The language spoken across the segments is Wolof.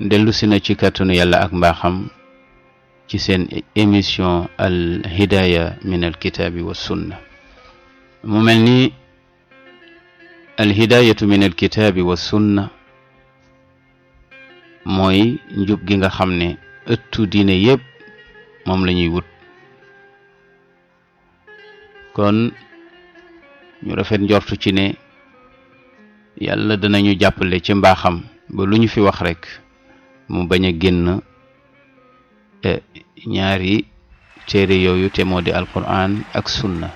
dellusi na ci kàttanu yàlla ak mbaaxam ci seen émission al hidaya min al kitaabi wa sunna mu mel ni al hidayatu min al kitaabi wa mooy njub gi nga xam ne ëttu diine yépp moom la ñuy wut kon ñu rafet njortu ci ne yàlla danañu jàppale ci mbaaxam ba lu ñu fi wax rekk mu baña genn e ñaari téré yoyu te modi alquran ak sunna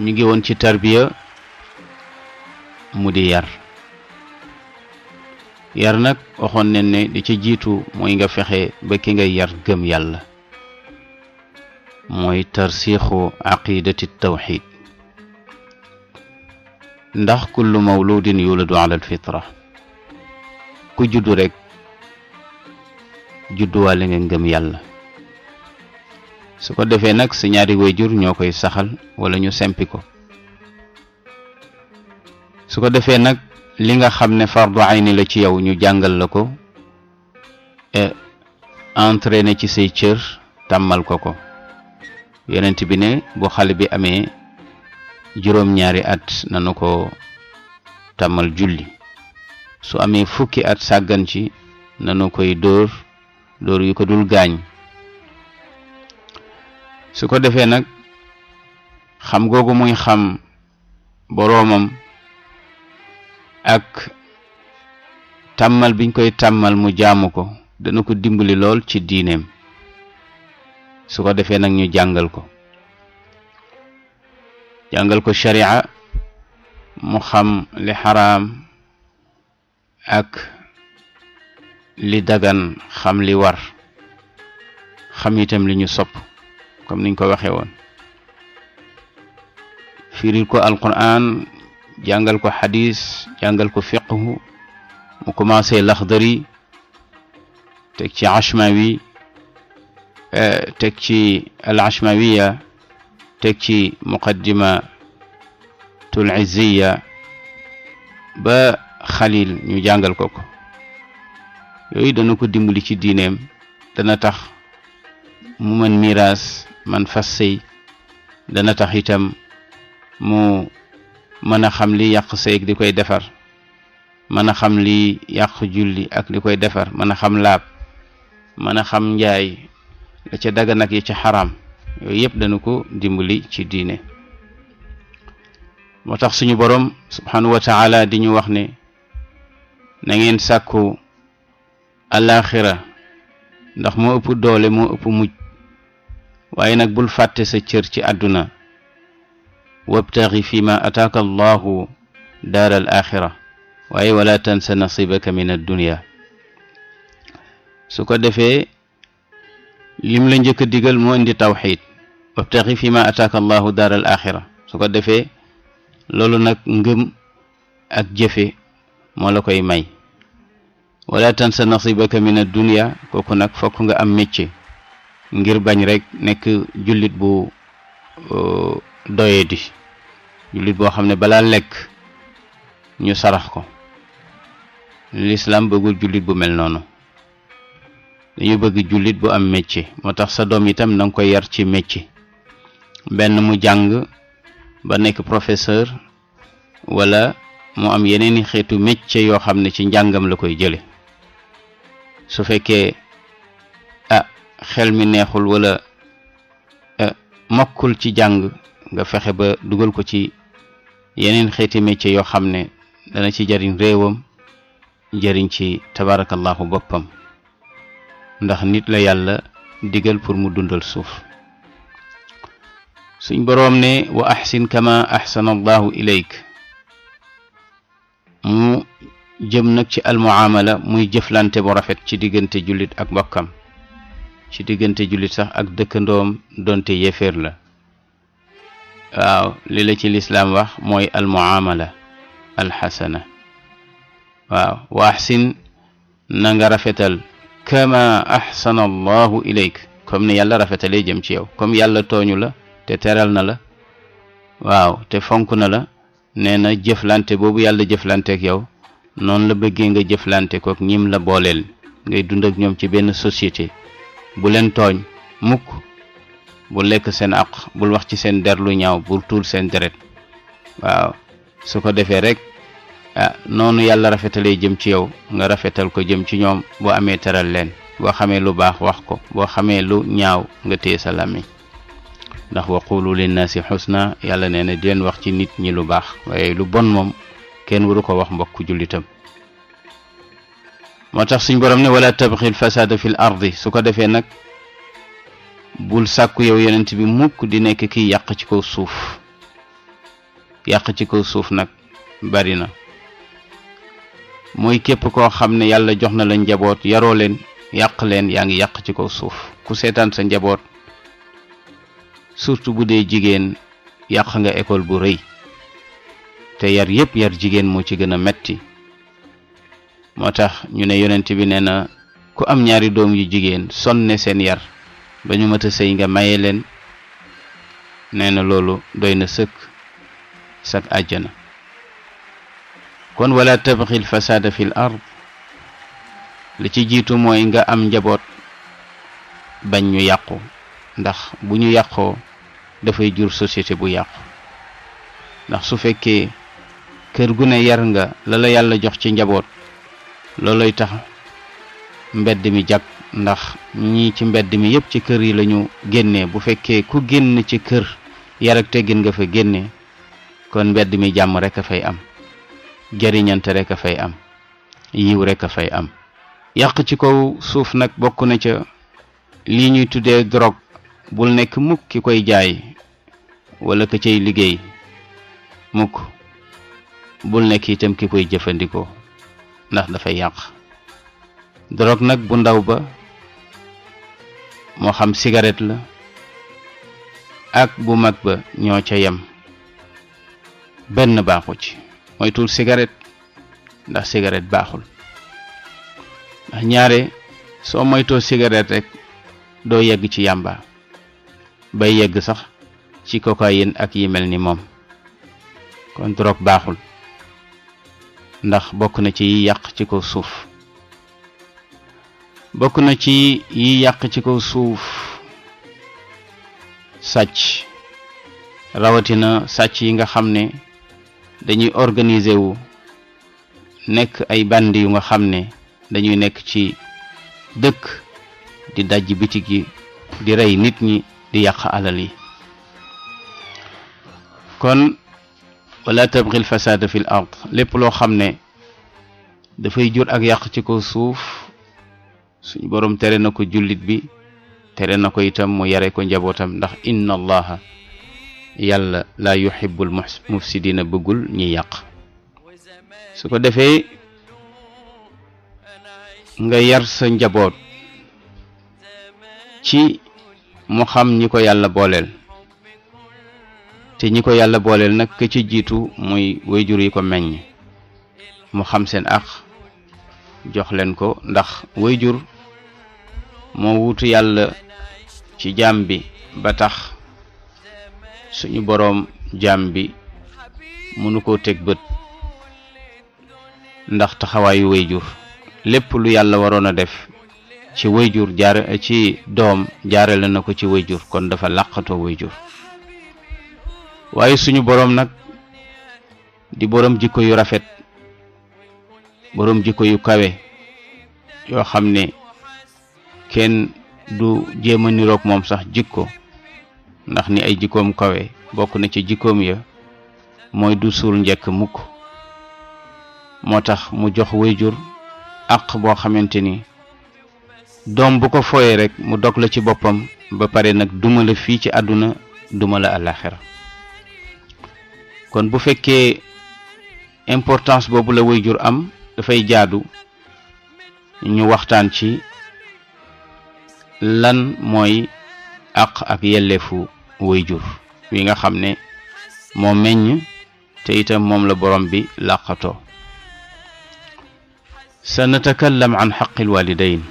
ñu ngi won ci tarbiya mu di yar yar nak waxon nañ ne di ci jitu moy nga fexe ba ki nga yar gëm yàlla moy tarsikhu aqidati tawhid ndax kullu mawludin yuladu ala alfitrah ku juddu rek judduwaale nga ngëm yàlla su ko defee nag si ñaari wayjur ñoo koy saxal wala ñu sempi ko su ko defee nag li nga xam ne fardu ayni la ci yow ñu jàngal la ko e, entraîné ci say cër tàmmal ko ko yonent bi ne bu xale bi amee juróom-ñaari at nanu ko tàmmal julli su amee fukki at sàggan ci nanu koy dóor dóor yu ko dul gaañ su ko defee nag xam googu muy xam boroomam ak tàmmal biñ koy tàmmal mu jaamu ko dana ko dimbali lool ci diineem su ko defee nag ñu jàngal ko jàngal ko sharia mu xam li xaraam ak li dagan xam li war xam itam li ñu sopp comme niñ ko waxe won firil ko alquran jàngal ko hadith jàngal ko fiqh mu commencé l'akhdari tek ci ashmawi euh tek ci al ashmawiya tek ci muqaddima tul izziya ba xalil ñu jàngal ko ko yooyu dana ko dimbali ci diineem dana tax mu man miraas man fas sëy dana tax itam mu mën a xam li yàq sëy ak li koy defar mën a xam li yàq julli ak li koy defar mën a xam laab mën a xam njaay la ca dagan nag yi ca xaraam yooyu yëpp dana ko dimbali ci diine moo tax suñu borom subhanahu wa di ñu wax ne na ngeen sàkku alaaxira ndax moo ëpp doole moo ëpp mujj waaye nag bul fàtte sa cër ci àdduna wabtaxi fi ma ataaka allahu daar al axira waaye wala tansa nasibaka min addunia su ko defee lim la njëkk a digal moo indi tawxid wabtaxi fi ma ataaka allahu daar al su ko defee loolu nag ngëm ak jëfe moo la koy may wala tansa nasibaka min addunia kooku nag fokk nga am métier ngir bañ rek nekk jullit bu doye di jullit boo xam ne balaa lekk ñu sarax ko l'islam bëggul jullit bu mel noonu dañu bëgg jullit bu am métier moo tax sa doom itam na nga koy yar ci métier benn mu jàng ba nekk professeur wala mu am yeneeni xeetu métier yoo xam ne ci njàngam la koy jële su fekkee ah xel mi neexul wala mokkul ci jàng nga fexe ba dugal ko ci yeneen xeeti métier yoo xam ne dana ci jariñ réewam jëriñ ci tabarakallahu boppam ndax nit la yàlla digal pour mu dundal suuf suñ borom ne wa ahsin kama ahsana ilayk mu jëm nag ci almuamala muy jëflante bu rafet ci diggante jullit ak mbokkam ci diggante jullit sax ak dëkkandoom donte yéeféer la waaw li la ci lislam wax mooy almuamala alxasana waaw wa nanga rafetal kama axsana allahu ilayk comme ni yàlla rafetalee jëm ci yow comme yàlla tooñu la te teral na la waaw te fonk na la nee na jëflante boobu yàlla jëflanteek yow noonu la bëggee nga jëflante kook ñim la booleel ngay dund ak ñoom ci benn société bu leen tooñ mukk bu lekk seen àq bul wax ci seen der lu ñaaw bul tuur seen deret waaw su ko defee rek ah noonu yàlla rafetalee jëm ci yow nga rafetal ko jëm ci ñoom boo amee teral leen boo xamee lu baax wax ko boo xamee lu ñaaw nga téye sa làmmiñ ndax wa qulu linnaasi xusna yàlla nee na di leen wax ci nit ñi lu baax waaye lu bon moom kenn waru ko wax mbokk jullitam moo tax suñ borom ne wala tabxil fasaada fil ardi su ko defee nag bul sàkku yow yonent bi mukk di nekk kiy yàq ci kaw suuf yàq ci kaw suuf nag bari na mooy képp koo xam ne yàlla jox na la njaboot yaroo leen yàq leen yaa ngi yàq ci kaw suuf ku seetaan sa njaboot surtout bu dee jigéen yàq nga école bu rëy te yar yépp yar jigéen moo ci gën a metti moo tax ñu ne yonent bi nee na ku am ñaari doom yu jigéen sonne seen yar ba ñu mat a sëy nga maye leen nee na loolu doy na sëkk sak àjjana kon wala tabxil fasaada fil ard li ci jiitu mooy nga am njaboot bañ ñu yàqu ndax bu ñu yàqoo dafay jur société bu yàqu ndax su fekkee kër gu ne yar nga la la yàlla jox ci njaboot looloy tax mbedd mi jag ndax ñii ci mbedd mi yépp ci kër yi lañu génnee bu fekkee ku génn ci kër yar ak teggin nga fa génne kon mbedd mi jàmm rek a fay am jariñante rek a fay am yiw rek a fay am yàq ci kaw suuf nag bokk na ca lii ñuy tuddee drogue bul nekk mukk ki koy jaay walla ka cay liggéey mukk bul nekk itam ki koy jëfandikoo ndax dafay yàq dorog nag bu ndaw ba moo xam cigarette la ak bu mag ba ñoo ca yem benn baaxu ci moytul cigarette ndax cigarette baaxul ndax ñaare soo moytoo cigarette rekk doo yegg ci yàmba bay yegg sax ci cocaïne ak yi mel ni moom kon drogue baaxul ndax bokk na ci yi yàq ci kaw suuf bokk na ci yi yàq ci kaw suuf sàcc rawatina sàcc yi nga xam ne dañuy organiser wu nekk ay bandi yu nga xam ne dañuy nekk ci dëkk di dajj bitig yi di rey nit ñi di yàq alal kon wala tabxil fasaada fil ard lépp loo xam ne dafay jur ak yàq ci ko suuf suñu boroom tere na ko jullit bi tere na ko itam mu yare ko njabootam ndax inna allaha yàlla laa yuhibbul mufsidina bëggul ñuy yàq su ko defee nga yar sa njaboot ci mu xam ñi ko yàlla booleel te ñi ko yàlla booleel nag ke ci jiitu muy wayjur yi ko meññ mu xam seen àq jox leen ko ndax wayjur moo wuutu yàlla ci jaam bi ba tax suñu boroom jaam bi mënu koo teg bët ndax taxawaayu wayjur lépp lu yàlla waroon a def ci wayjur jaar ci doom jaarale na ko ci wayjur kon dafa làqatoo wayjur waaye suñu boroom nag di boroom jikko yu rafet boroom jikko yu kawe yoo xam ne kenn du jéem a niroog moom sax jikko ndax ni ay jikkoom kawe bokk na ci jikkoom ya mooy du suul njëkk mukk moo tax mu jox wayjur àq boo xamante ni doom bu ko fooyee rek mu dog la ci boppam ba pare nag duma la fii ci àdduna duma la àllaaxira kon bu fekkee importance boobu la waajur am dafay jaadu ñu waxtaan ci lan mooy àq ak yelleefu waajur wi nga xam ne moo meññ te itam moom la borom bi làqatoo sa natakallam an xaqil walidayn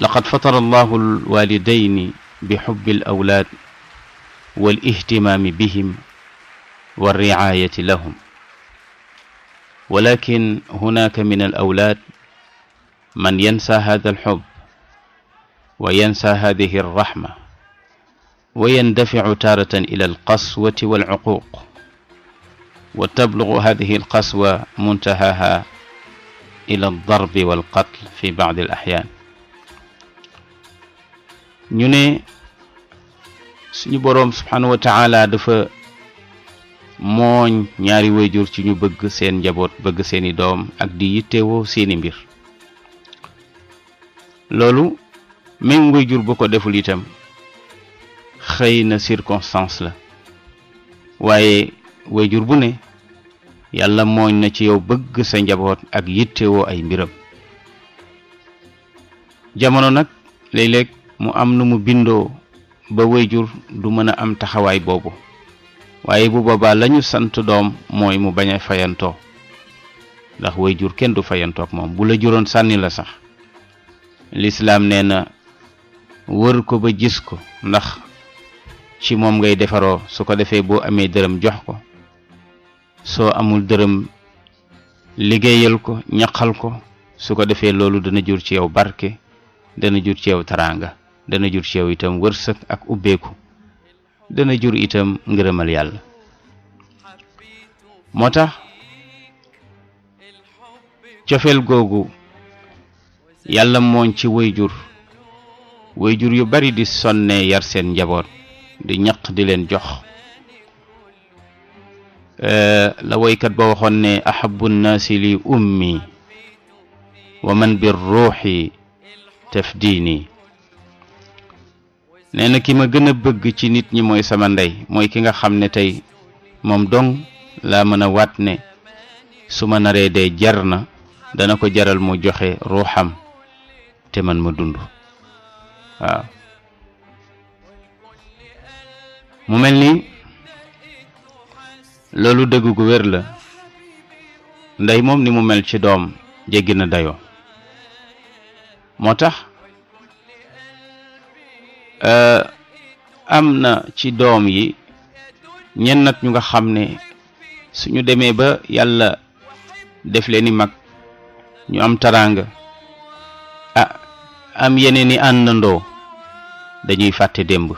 لقد فطر الله الوالدين بحب الأولاد والاهتمام بهم والرعاية لهم ولكن هناك من الأولاد من ينسى هذا الحب وينسى هذه الرحمة ويندفع تارة إلى القسوة والعقوق وتبلغ هذه القسوة منتهاها إلى الضرب والقتل في بعض الأحيان ñu ne suñu boroom subhanahu dafa mooñ ñaari wayjur ci ñu bëgg seen njaboot bëgg seeni doom ak di yittewoo seeni mbir loolu même wayjur bu ko deful itam xëy na circonstance la waaye wayjur bu ne yàlla mooñ na ci yow bëgg sa njaboot ak yittewoo ay mbiram jamono nag léeg-léeg mu am nu mu bindoo ba jur du mën a am taxawaay boobu waaye bu boobaa lañu sant doom mooy mu bañ a fayantoo ndax jur kenn du fayantoo ak moom bu la juróon sànni la sax lislaam nee na wër ko ba gis ko ndax ci moom ngay defaroo su ko defee boo amee dërëm jox ko soo amul dërëm liggéeyal ko ñaqal ko su ko defee loolu dana jur ci yow barke dana jur ci yow taraanga dana jur ci itam wërsëg ak ubbeeku dana jur itam ngërëmal yàlla moo tax cofeel googu yàlla mooñ ci way jur way jur yu bari di sonne yar seen njaboot di ñaq di leen jox eh, la woykat ba waxoon ne ahabu nnaasi li ummi wa man bir ruuxi tafdiini nee na ki ma gën a bëgg ci nit ñi mooy sama ndey mooy ki nga xam ne tey moom dong laa mën a wat ne su ma naree dee jar na dana ko jaral mu joxe ruuxam te man ma dund waaw mu mel ni loolu dégg gu wér la ndey moom ni mu mel ci doom jéggi na dayoo moo tax Euh, am na ci doom yi ñen ñu nga xam ne suñu demee ba yàlla def leen ni mag ñu am taraanga ah am yeneen i àndandoo dañuy fàtte démb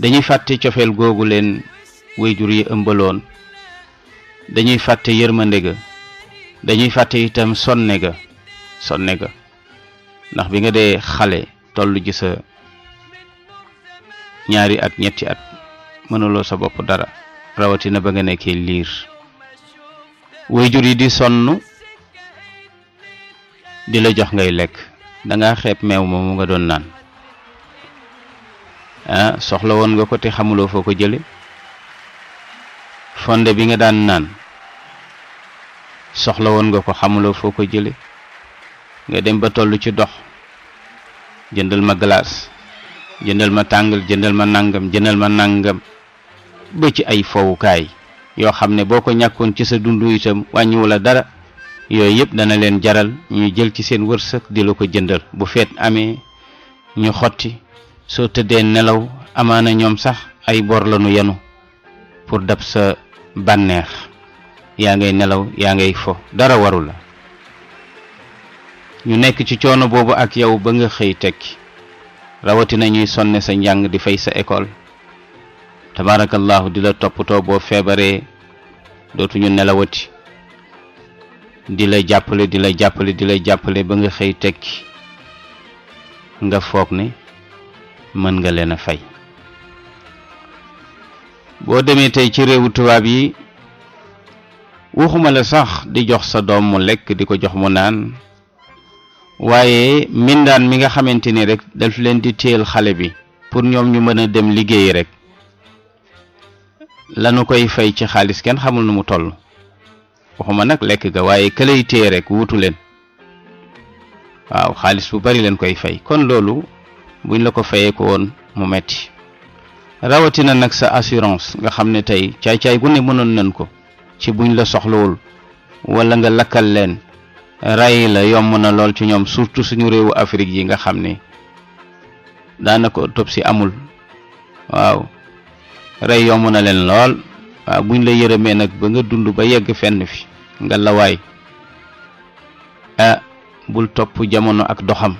dañuy fàtte cofeel googu leen wayjur yi ëmbaloon dañuy fàtte yërmande ga dañuy fàtte itam sonne ga sonne ga ndax bi nga dee xale tollu ji sa Nyari at ñetti at mënuloo sa bopp dara rawatina ba nga nekkee liir wayjur yi di sonn di la jox ngay lekk da nga xeeb meew moomu nga doon naan ah soxla woon nga ko te xamuloo foo ko jële fonde bi nga daan naan soxla woon nga ko xamuloo foo ko jële nga dem ba toll ci dox jëndal ma glace jëndal ma tàngal jëndal ma nangam jëndal ma nangam ba ci ay fowukaay yoo xam ne boo ko ñàkkoon ci sa dund itam wàññiwu la dara yooyu yëpp dana leen jaral ñu jël ci seen wërsëg di la ko jëndal bu feet amee ñu xotti soo tëddee nelaw amaana ñoom sax ay bor la nu yenu pour dab sa bànneex yaa ngay nelaw yaa ngay fo dara waru la ñu nekk ci coono boobu ak yow ba nga xëy tekki rawatina ñuy sonne sa njàng di fay sa école tabaarakallahu di la toppatoo boo feebaree dootuñu nelawati di la jàppale di la jàppale di la jàppale ba nga xëy tekki nga foog ne mën nga leen a fay boo demee tey ci réewu tubaab yi waxuma la sax di jox sa doom mu lekk di ko jox mu naan waaye mbindaan mi nga xamante ni rek daf leen di téel xale bi pour ñoom ñu mën a dem liggéey rek lanu koy fay ci xaalis kenn xamul nu mu toll waxuma nag lekk ga waaye këlay téye rek wutu leen waaw xaalis bu bari leen koy fay kon loolu buñ la ko fayee ko woon mu metti rawatina nag sa assurance nga xam ne tey caay-caay gu ne mënoon nañ ko ci buñ la soxlawul walla nga lakkal leen rey la yomb na lool ci ñoom surtout suñu réewu Afrique yi nga xam ni daanaka autopsie amul waaw rey yomb na leen lool waaw buñ la yërëmee nag ba nga dund ba yegg fenn fi nga la waay ah, bul topp jamono ak doxam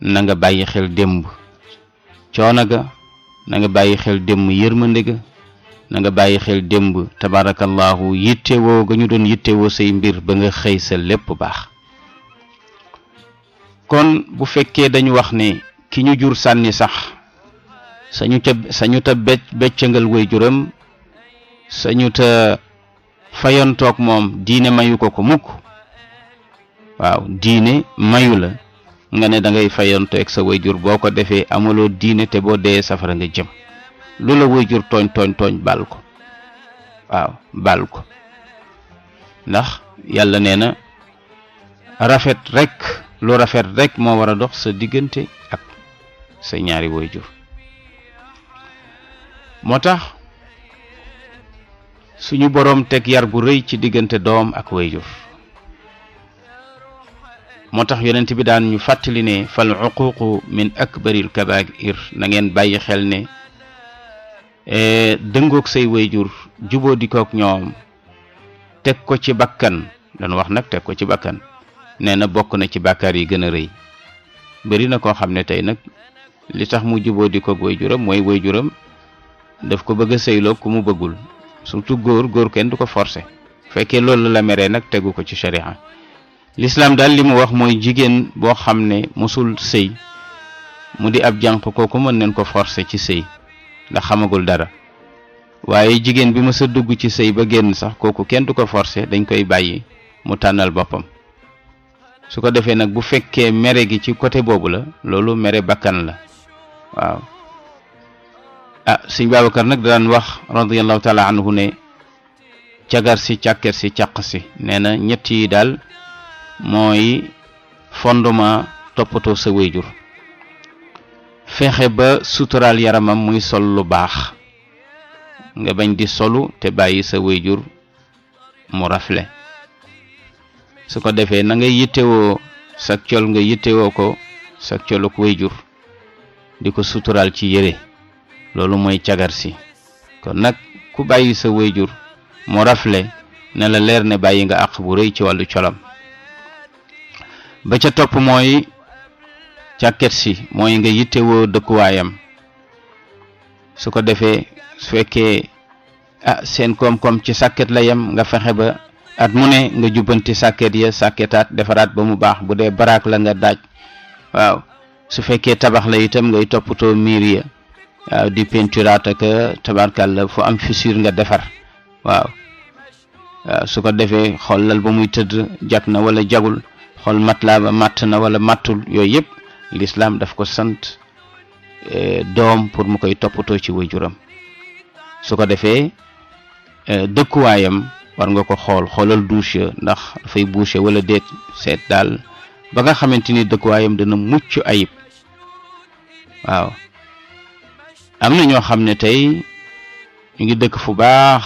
nanga bàyyi xel démb coono ga na bàyyi xel démb yërmande ga na nga bàyyi xel démb tabaarakallaahu yittewoo ga ñu doon yittewoo say mbir ba nga xëy sa lépp baax kon bu fekkee dañu wax ne ki ñu jur sànni sax sañu ta sañu ta beccangal way juram sañu ta fayontoog moom diine mayu ko ko mukk waaw diine mayu la nga ne dangay ngay sa way jur boo ko defee amuloo diine te boo dee safara nga jëm lu la wayjur tooñ tooñ tooñ baal ko waaw baal ko ndax yàlla nee na rafet rekk lu rafet rekk moo war a dox sa diggante ak sa ñaari wayjur moo tax suñu boroom teg yar bu rëy ci diggante doom ak wayjur moo tax yonent bi daan ñu fàttali ne fal uququ min akbaril kabair na ngeen bàyyi xel ne Eh, dëngoog say wayjur juboo dikoog ñoom teg ko ci bakkan dañu wax nag teg ko ci bakkan nee na bokk na ci bàkkaar yi gën a rëy bëri na koo xam ne tey nag li tax mu juboo dikoog wayjuram mooy wayjuram daf ko bëgg a sëyloo ku mu bëggul surtout góor góor kenn du ko forcé fekkee loolu la meree nag tegu ko ci sharia lislaam daal li mu wax mooy jigéen boo xam ne mosul sëy mu di ab jànq kooku mën nañ ko forcé ci sëy ndax xamagul dara waaye jigéen bi mës sa dugg ci sëy ba génn sax kooku kenn du ko forcer dañ koy bàyyi mu tànnal boppam su ko defee nag bu fekkee mere gi ci côté boobu la loolu mere bàkkan la waaw ah sëñ Babacar nag daan wax radiallahu taala anhu ne cagar si càkket si càq si nee na ñett yi daal mooy fondement toppatoo sa wéyjur fexe ba suturaal yaramam muy sol lu baax nga bañ di solu te bàyyi sa wéyjur mu rafle su ko defee na nga yittewoo sa col nga yittewoo ko sa coluk wéyjur di ko suturaal ci yére loolu mooy cagar si kon nag ku bàyyi sa wéyjur mu rafle ne la leer ne bàyyi nga àq bu rëy ci wàllu colam ba ca topp mooy càkket si mooy nga yittewoo dëkkuwaayam su ko defee su fekkee ah seen koom-koom ci sàkket la yem nga fexe ba at mu ne nga jubbanti sàkket ya sàkketaat defaraat ba mu baax bu dee baraak la nga daaj waaw su fekkee tabax la itam ngay toppatoo miir ya waaw di peinturaat ak la fu am fissure nga defar waaw su ko defee xool ba muy tëdd jag na wala jagul xool mat ba màtt na wala màttul yooyu yëpp lislaam daf ko sant eh, doom pour mu koy toppatoo ci waajuram su ko defee eh, dëkkuwaayam war nga ko xool xoolal douche ndax dafay bouché wala déet seet daal ba nga xamante ni dëkkuwaayam dana mucc ayib waaw am na ñoo xam ne tey ñu ngi dëkk fu baax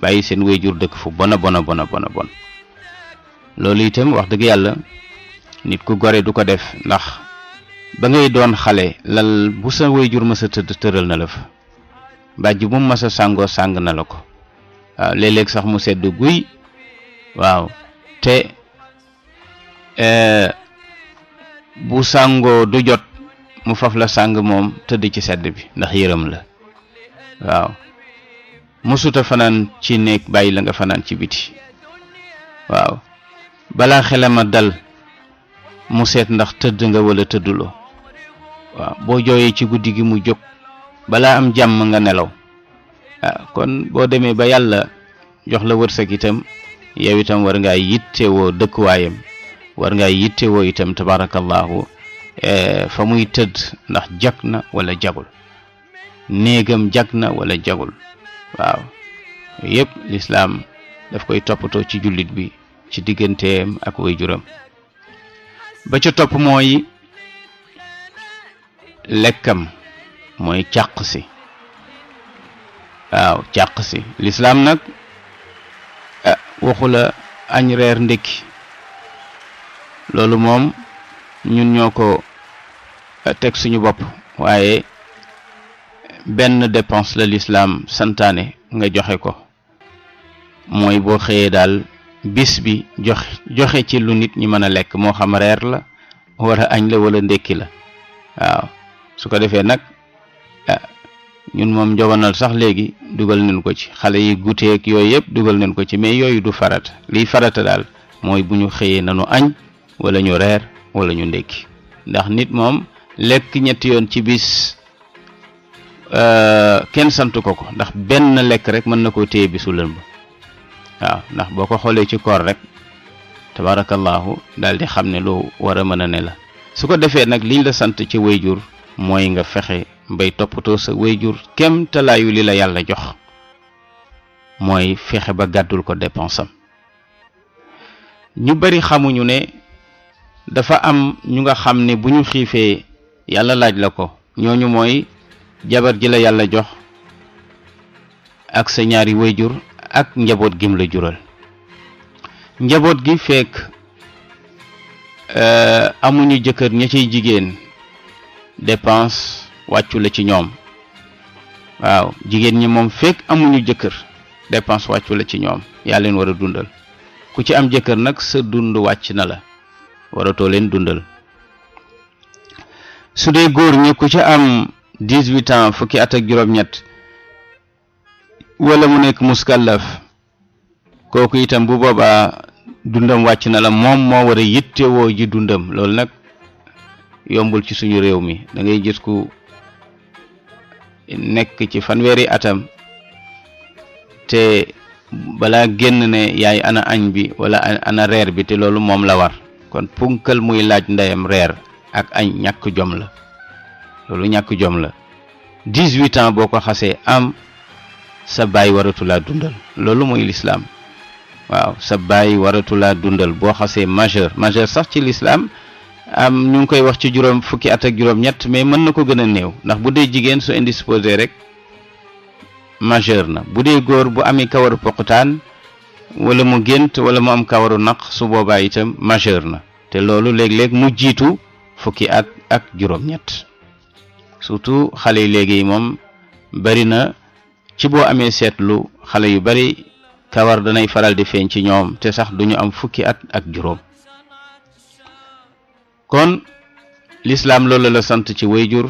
bàyyi seen waajur dëkk fu bona a bona bona bon loolu itam wax dëgg yàlla nit ku gore du ko def ndax ba ngay doon xale lal bu sa jur ma sa tëdd tëral na la fa bàjj bu mu ma sa sàngoo sàng na la ko waaw léeg sax mu sedd guy waaw te e, bu sàngoo du jot mu faf la sàng moom tëdd ci sedd bi ndax yërëm la waaw mësuta fanaan ci néeg bàyyi la nga fanaan ci biti waaw balaa xelema dal mu seet ndax tëdd nga wala tëdduloo waaw boo jooyee ci guddi gi mu jóg balaa am jàmm nga nelaw ah, kon boo demee ba yàlla jox la wërsëg itam yow itam war ngaa yittewoo dëkkuwaayam war ngaa yittewoo itam tabarakallahu eh, fa muy tëdd ndax jag na wala jagul néegam jag na wala jagul waaw yëpp lislaam daf koy toppatoo ci jullit bi ci digganteem ak waajuram ba ca topp mooy lekkam mooy càq si waaw càq si lislaam nag eh, waxu la añ reer ndékki loolu moom ñun ñoo ko eh, teg suñu bopp waaye benn dépense la lislaam santaane nga joxe ko mooy boo xëyee daal bis bi joxe joxe ci lu nit ñi mën a lekk moo xam reer la wala añ la wala ndékki la waaw su ko defee nag eh, ñun moom njobanal sax léegi dugal nañ ko ci xale yi guteek yooyu yëpp dugal nañ ko ci mais yooyu du farata liy farata daal mooy bu ñu xëyee nanu añ wala ñu reer wala ñu ndékki ndax nit moom lekk ñetti yoon ci bis eh, kenn santu ko ko ndax benn lekk rek mën na koo téye bisu lëmb waaw ndax boo ko xoolee ci koor rek tabaarakallaahu daal di xam ne loo war a mën a ne la su ko defee nag liñ la sant ci wayjur mooy nga fexe bay toppatoo sa wayjur kem talaayu li la yàlla jox mooy fexe ba gàddul ko dépensam ñu bari xamuñu ne dafa am ñu nga xam ne bu ñu xiifee yàlla laaj la ko ñooñu mooy jabar ji la yàlla jox ak sa ñaari wayjur ak njaboot gim la jural njaboot gi fekk euh, amuñu jëkkër ña cay jigéen dépense wàccu la ci ñoom waaw jigéen ñi moom fekk amuñu jëkkër dépense wàccu la ci ñoom yaa leen war a dundal ku ci am jëkkër nag sa dund wàcc na la waratoo leen dundal su dee góor ñi ku ci am dix-huit ans fukki at ak juróom-ñett wala mu nekk muskallaf kooku itam bu boobaa dundam wàcc na la moom moo war a yittewoo ji dundam loolu nag yombul ci suñu réew mi da ngay gis ku nekk ci fanweeri atam te balaa génn ne yaay ana añ bi wala ana reer bi te loolu moom la war kon punkal muy laaj ndeyam reer ak añ ñàkk jom la loolu ñàkk jom la dix boo ko xasee am sa baay waratulaa dundal loolu mooy lislaam waaw sa baay waratulaa dundal boo xasee majeur majeur sax ci lislaam am ñu ngi koy wax ci juróom fukki at ak juróom-ñett mais mën na ko gën a néew ndax bu dee jigéen su indisposé rek majeur na bu dee góor bu amee kawaru poqutaan wala mu gént wala mu am kawaru naq su boobaa itam majeur na te loolu léeg-léeg mu jiitu fukki at ak juróom-ñett surtout xale yi léegi moom bari na ci boo amee seetlu xale yu bari kawar danay faral di feeñ ci ñoom te sax duñu am fukki at ak juróom kon lislaam loolu la sant ci wayjur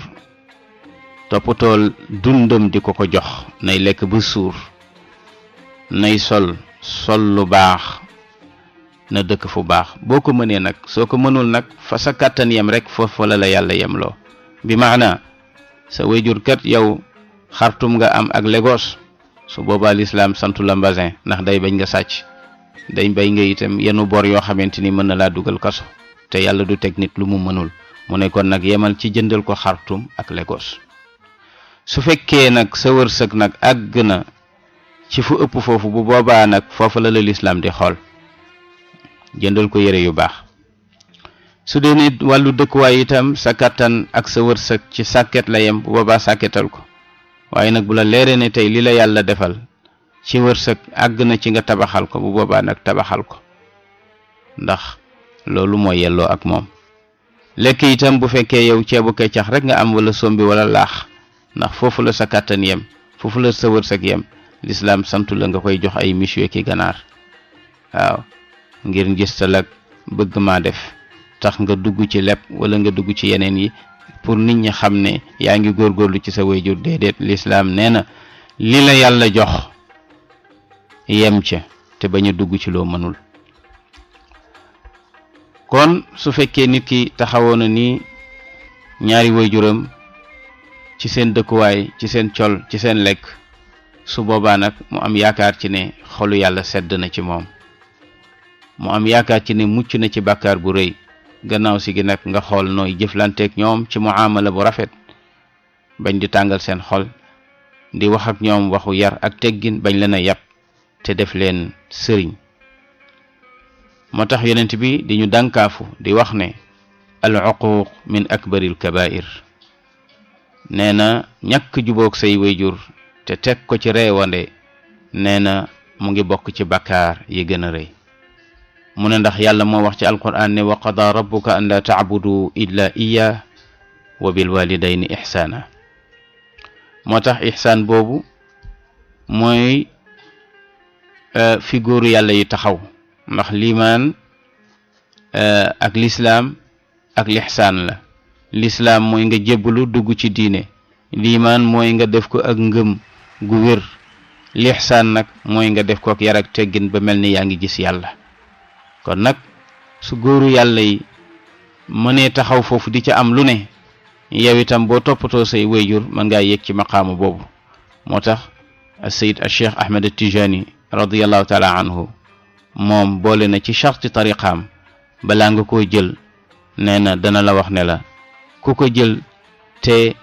toppatool dundam di ko ko jox nay lekk ba suur nay sol sol lu baax na dëkk fu baax boo ko mënee nag soo ko mënul nag fa sa kàttan yem rek foofu la la yàlla yemloo bi maana sa wayjur kat yow xartum nga am ak Lagos su boobaa lislaam santu la mbasin ndax day bañ nga sàcc day bay nga itam yenu bor yoo xamante ni mën na laa dugal kaso te yàlla du teg nit lu mu mënul mu ne kon nag yemal ci jëndal ko xartum ak Lagos su fekkee nag sa wërsëg nag àgg na ci fu ëpp foofu bu boobaa nag foofu la la lislaam di xool jëndal ko yére yu baax su dee ne wàllu dëkkuwaay itam sa kattan ak sa wërsëg ci sàkket la yem bu boobaa sàkketal ko waaye nag bu la leeree ne tey li la yàlla defal ci wërsëg àgg na ci nga tabaxal ko bu boobaa nag tabaxal ko ndax loolu moo yelloo ak moom lekk itam bu fekkee yow ceebu keccax rek nga am wala sombi wala laax ndax foofu la sa kàttan yem foofu la sa wërsëg yem lislaam santu la nga koy jox ay monsieur ki ganaar waaw ngir ngis ak bëgg maa def tax nga dugg ci lepp wala nga dugg ci yeneen yi pour nit ñi xam ne yaa ngi góorgóorlu ci sa wayjur déedéet lislaam nee na li la yàlla jox yem ca te bañ a dugg ci loo mënul kon su fekkee nit ki taxawoon na ni ñaari wayjuram ci seen dëkkuwaay ci seen col ci seen lekk su boobaa nag mu am yaakaar ci ne xolu yàlla sedd na ci moom mu am yaakaar ci ne mucc na ci bàkkaar bu rëy gannaaw si gi nag nga xool nooy jëflanteeg ñoom ci muamala bu rafet bañ di tàngal seen xol di wax ak ñoom waxu yar ak teggin bañ leen a yàpp te def leen sëriñ moo tax yenent bi di ñu dànkaafu di wax ne al uquuq ak akbaril kabair nee na ñàkk jubóog say wayjur te teg ko ci reewande nee na mu ngi bokk ci bakkaar yi gën a rëy mu ne ndax yàlla moo wax ci alquran ne wa qada rabbuka an laa taabudu illa iya wa bil walidayni ixsaana moo tax ixsaan boobu mooy euh, fi góoru yàlla yi taxaw ndax liimaan euh, ak lislaam ak lixsaan la lislaam mooy nga jébbalu dugg ci diine liimaan mooy nga def ko ak ngëm gu wér lixsaan nag mooy nga def ko ak yar teggin ba mel ni yaa ngi jis yàlla kon nag su góoru yàlla yi mënee taxaw foofu di ca am lu ne yow itam boo toppatoo say wayjur mën ngaa yëg ci maqaamu boobu moo tax asayid al cheikh ahmed tijani radiallahu taala anhu moom boole na ci charti tariqaam balaa nga koo jël nee na dana la wax ne la ku ko jël te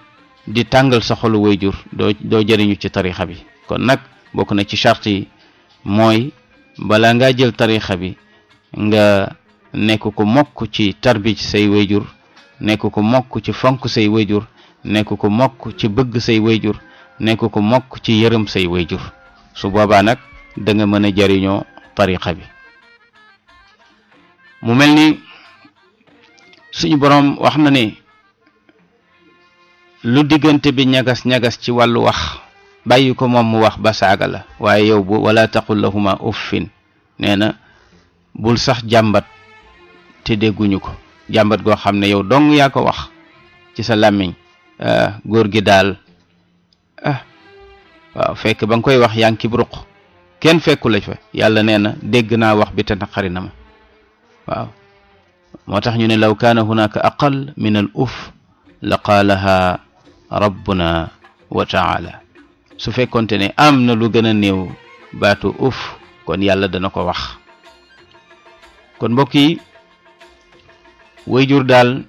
di tàngal sa xolu wayjur doo doo jëriñu ci tarixa bi kon nag bokk na ci chart yi mooy balaa ngaa jël tarixa bi nga nekk ko mokk ci tarbi ci say wayjur nekk ko mokk ci fonk say wayjur nekk ko mokk ci bëgg say wayjur nekk ko mokk ci yërëm say wayjur su boobaa nag danga nga mën a jariñoo tariqa bi mu mel ni suñu boroom wax na ni lu diggante bi ñagas-ñagas ci wàllu wax bàyyi ko moom mu wax ba saaga la waaye yow bu wala taqul lahuma uffin nee bul sax jàmbat te dégguñu ko jàmbat goo xam ne yow dong yaa ko wax ci sa làmmiñ ah, góor gi daal ah, fekk ba nga koy wax yaa ngi kenn fekku la fa yàlla nee na dégg naa wax bi te naqari na ma waaw moo tax ñu ne law kaana hunaka aqal min al uf la qaalaha rabbuna wa taala su fekkonte am na lu gën a néew baatu uf kon yàlla dana ko wax kon mbokk yi wayjur daal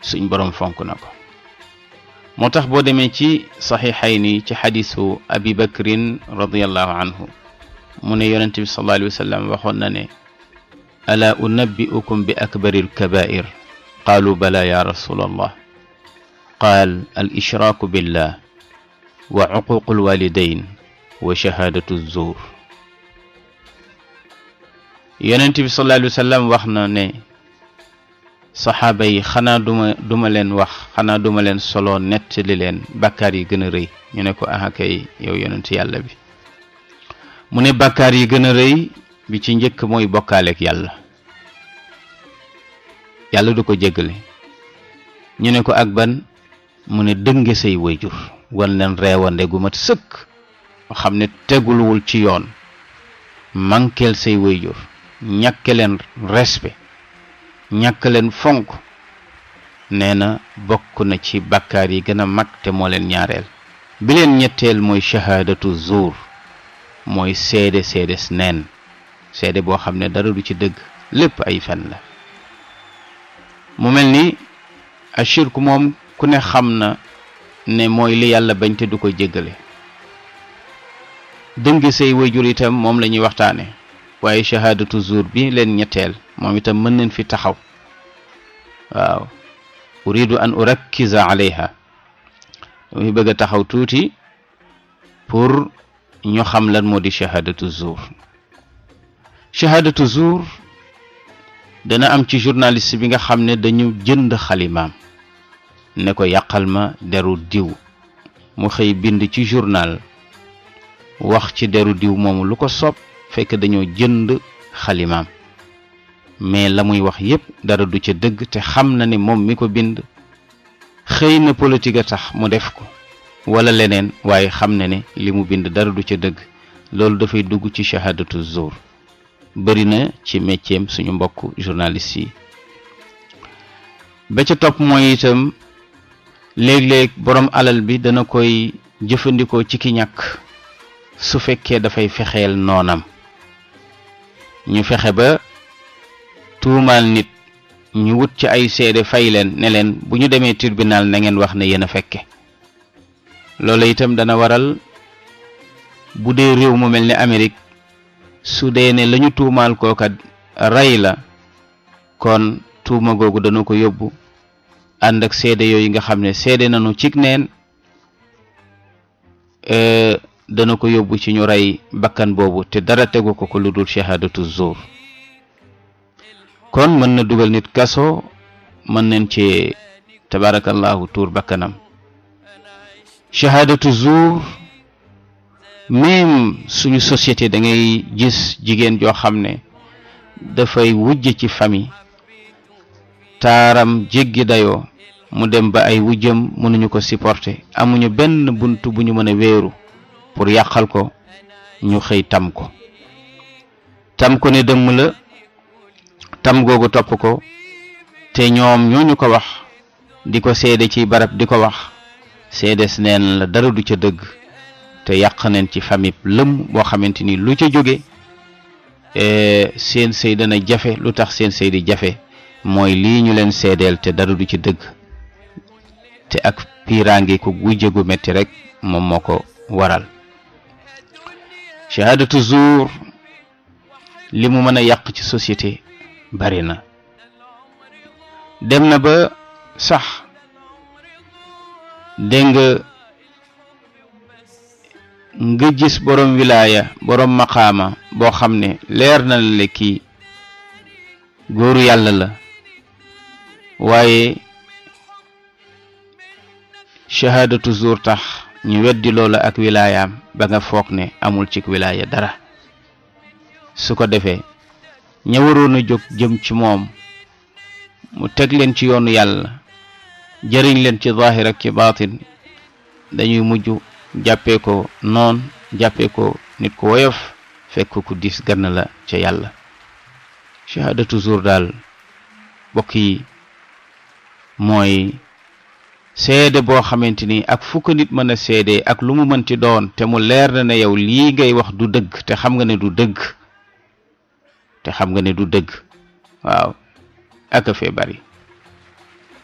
suñ borom fonk na ko moo tax boo demee ci saxiixayni ci xadisu abi bakrin radiallahu anhu mu ne yonente bi sallallahu alayhi wasallam sallam waxoon na ne ala unabbi'ukum bi akbari alkabair qaalu bala ya rasul allah qaal al ishraaku billah wa cuququ alwalidain wa shahaadatu zuur yonent bi sallallahu alayhi wax na ne saxaaba yi xanaa duma duma leen wax xanaa duma leen solo nettali leen bàkkaar yi gën a rëy ñu ne ko aha kay yow yonent yàlla bi mu ne bàkkaar yi gën a rëy bi ci njëkk mooy bokkaaleek yàlla yàlla du ko jéggale ñu ne ko ak ban mu ne dënge say wayjur wan leen reewande gu mat sëkk xam ne teguluwul ci yoon mankeel say wayjur ñàkke leen respect ñàkk leen fonk nee na bokk na ci bàkkaar yi gën a mag te moo leen ñaareel bi ñetteel mooy shahaadatu zuur mooy seede seedes nen seede boo xam ne dara du ci dëgg lépp ay fen la mu mel ni ashirku moom ku ne xam na ne mooy li yàlla bañ te du ko jéggale dëngi say wayjur itam moom lañuy ñuy waxtaane waaye shahaadatu zuur bi leen ñetteel moom itam mën nañ fi taxaw waaw an urakkiza alayha dama fi bëgg a taxaw tuuti pour ñu xam lan moo di shahaadatu zuur shahaadatu zuur dana am ci journalist bi nga xam ne dañu jënd xalimaam ne ko yàqal ma deru diw mu xëy bind ci journal wax ci deru diw moom lu ko sopp fekk dañoo jënd xalimaam mais la muy wax yépp dara du ca dëgg te xam na ne moom mi ko bind xëy na politique a tax mu def ko wala leneen waaye xam na ne li mu bind dara du ca dëgg loolu dafay dugg ci shahadatu zuur bëri na ci métier suñu mbokk journaliste yi ba ca topp mooy itam léeg-léeg borom alal bi dana koy jëfandikoo ci ki ñàkk su fekkee dafay fexeel noonam ñu fexe ba tuumaal nit ñu wut ci ay seede fay leen ne leen bu ñu demee tribunal na ngeen wax na yéen a fekke loolu itam dana waral bu dee réew mu mel ni Amérique su dee ne lañu tuumaal kooka rey la kon tuuma googu dana ko yóbbu ànd ak seede yooyu nga xam ne seede nanu cig neen euh, dana ko yóbbu ci ñu rey bakkan boobu te dara tegu ko ko lu dul shahaadatu zuur kon mën na dugal nit kaso mën nañ ci tabaarakallaahu tuur bakkanam shahaadatu zuur même suñu société da ngay gis jigéen joo xam ne dafay wujj ci famille taaram jéggi dayoo mu dem ba ay wujjam mënuñu ko supporter amuñu benn bunt bu ñu mën a wéeru pour yàqal ko ñu xëy tam ko tam ko ne dëmm la tam googu topp ko te ñoom ñooñu ko wax di ko seede ci barab di ko wax seedes neen la dara du ca dëgg te yàq neen ci famille lëm boo xamante ni lu ca jóge e, seen sëy jafe lu tax seen seydi jafe mooy lii ñu leen seedeel te dara du ci dëgg te ak piiraange ku gujje gu metti rekk moom moo ko waral shahadatu zuur li mu mën a yàq ci société bari na dem na ba sax dégg nga nga gis borom wilaaya borom maqaama boo xam ne leer na la kii góoru yàlla la waaye shahadatu zuur tax ñu weddi loola ak wilaayaam ba nga foog ne amul ci wilaaya dara su ko defee ña waroon a jóg jëm ci moom mu teg leen ci yoonu yàlla jëriñ leen ci zaahir ak ci baatin dañuy mujj jàppee ko noon jàppee ko nit ku woyof fekk ku diis gann la ca yàlla shahaadatu zuur daal bokk yi mooy seede boo xamante ni ak fukk nit mën a seede ak lu mu mënti doon te mu leer na ne yow lii ngay wax du dëgg te xam nga ne du dëgg te xam nga ne du dëgg waaw ak a fee bari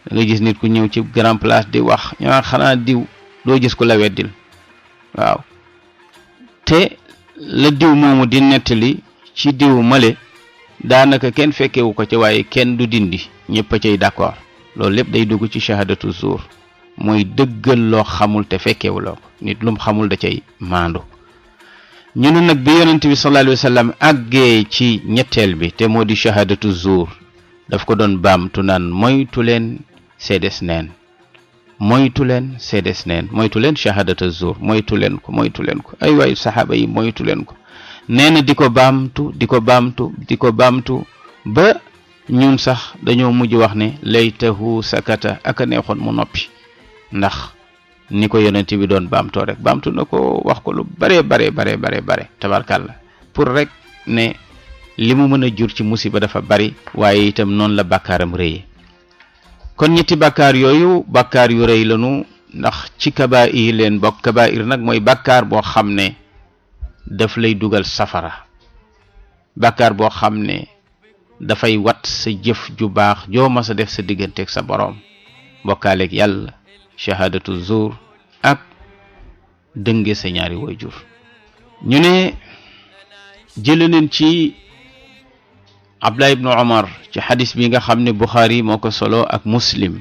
da nga gis nit ku ñëw ci grand place di wax ñu xanaa diw doo gis ku la weddil waaw te la diw moomu di nettali ci diw male daanaka kenn fekkewu ko ci waaye kenn du dindi ñëpp a cay d'accord loolu lépp day dugg ci shahadatu zuur mooy dëggal loo xamul te fekkewuloo ko nit lum xamul da cay maandu ñu ne nag bi yonent bi sallallahu alayhi àggee ci ñetteel bi te moo di shahadatu zuur daf ko doon baamtu naan moytu leen seedes neen moytu leen seedes neen moytu leen shahadatu zuur moytu leen ko moytu leen ko ay waay saxaaba yi moytu leen ko nee di ko baamtu di ko baamtu di ko baamtu ba ñun sax dañoo mujj wax ne laytahu sakata aka neexoon mu noppi ndax ni ko yonent bi doon baamtoo rek baamtu na ko wax ko lu bare bare bare bare bare la pour rek ne li mu mën a jur ci musiba dafa bari waaye itam noonu la bàkkaaram rëye kon ñetti bàkkaar yooyu bàkkaar yu rëy lanu ndax ci kabaa'ir leen bokk kabaa'ir nag mooy bàkkaar boo xam ne daf lay dugal safara bàkkaar boo xam ne dafay wat sa jëf ju baax joo ma sa def sa digganteeg sa boroom bokkaaleeg yàlla shahadatu zuur ak dënge sa ñaari wayjur ñu ne jële neen ci abdullah ibnu omar ci xadis bi nga xam ne buxaari moo ko solo ak muslim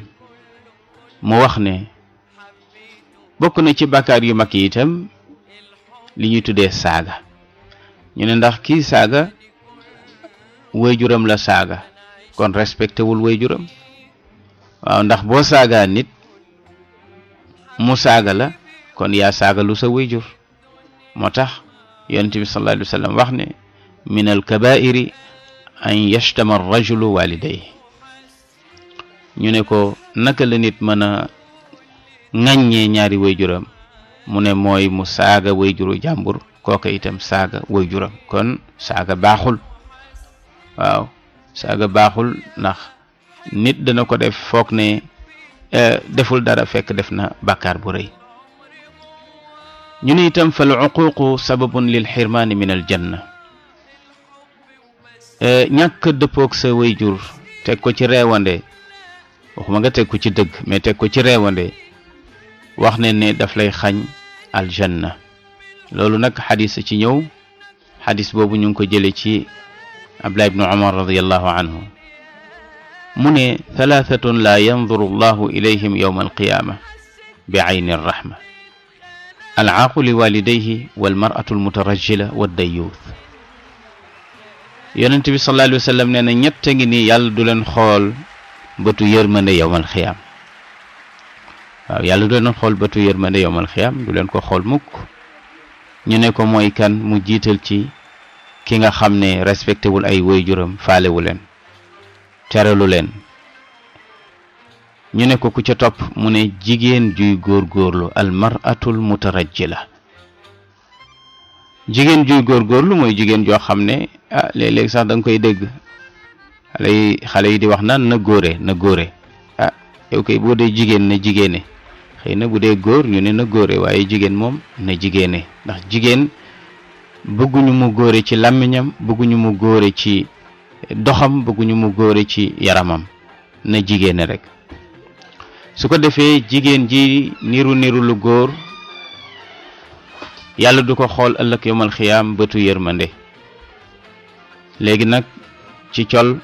mu wax ne bokk na ci bakaar yu mag yi itam li ñuy tuddee saaga ñu ne ndax kii saaga wayjuram la saaga kon respecté wul wayjuram waaw ndax boo saagaa nit mu saaga la kon ya saaga lu sa wayjur moo tax yonent bi sallallahu alayhi wa wax ne min al kabairi an yashtama rajulu walidayhi ñu ne ko naka la nit mana a ŋàññee ñaari wayjuram mu ne mooy mu saaga wayjuru jàmbur kooka itam saaga wayjuram kon saaga baaxul waaw saaga baaxul ndax nit dana ko def foog ne Eh, deful dara fekk def na bàkkaar bu réy ñu ni itam fal uquuqu sababun lil xirmaani min al janna eh, ñàkk dëppoog sa wayjur teg ko ci reewande waxuma nga teg ko ci dëgg mais teg ko ci reewande wax ne ne daf lay xañ aljanna loolu nag xadis ci ñëw xadis boobu ñu ngi ko jële ci abdullah ibnu umar radiallahu anhu mu ne thalathatun laa yanzuru allahu ilayhim yowma alqiyaama bi ayni rahma alcaaqu li walidayhi walmaratu almutarajila waddayuuth yonent bi sallallahu alayhi wa sallam nee na ñett ngi nii yàlla du leen xool bëtu yërmande yowmal xiyaam waaw yàlla du leen xool bëtu yërmande yowmal xiyaam du leen ko xool mukk ñu ne ko mooy kan mu jiital ci ki nga xam ne respecté wul ay waajuram faalewu leen teralu leen ñu ne ko ku ca topp mu ne jigéen juy góor góorgóorlu almaratul la jigéen juy góor góorlu mooy jigéen joo xam ne ah léeg-léeg sax danga koy dégg xale yi di wax naan na góore na góore ah yow kay boo dee jigéen na jigéene xëy na bu dee góor ñu ne na góore waaye jigéen moom na jigéene ndax jigéen bëgguñu mu góore ci làmmiñam bëgguñu mu góore ci doxam bëgguñu mu góore ci yaramam na jigéene rek su ko defee jigéen ji niru niru lu góor yàlla du ko xool ëllëg yomal xiyaam bëtu yërmande léegi nag ci col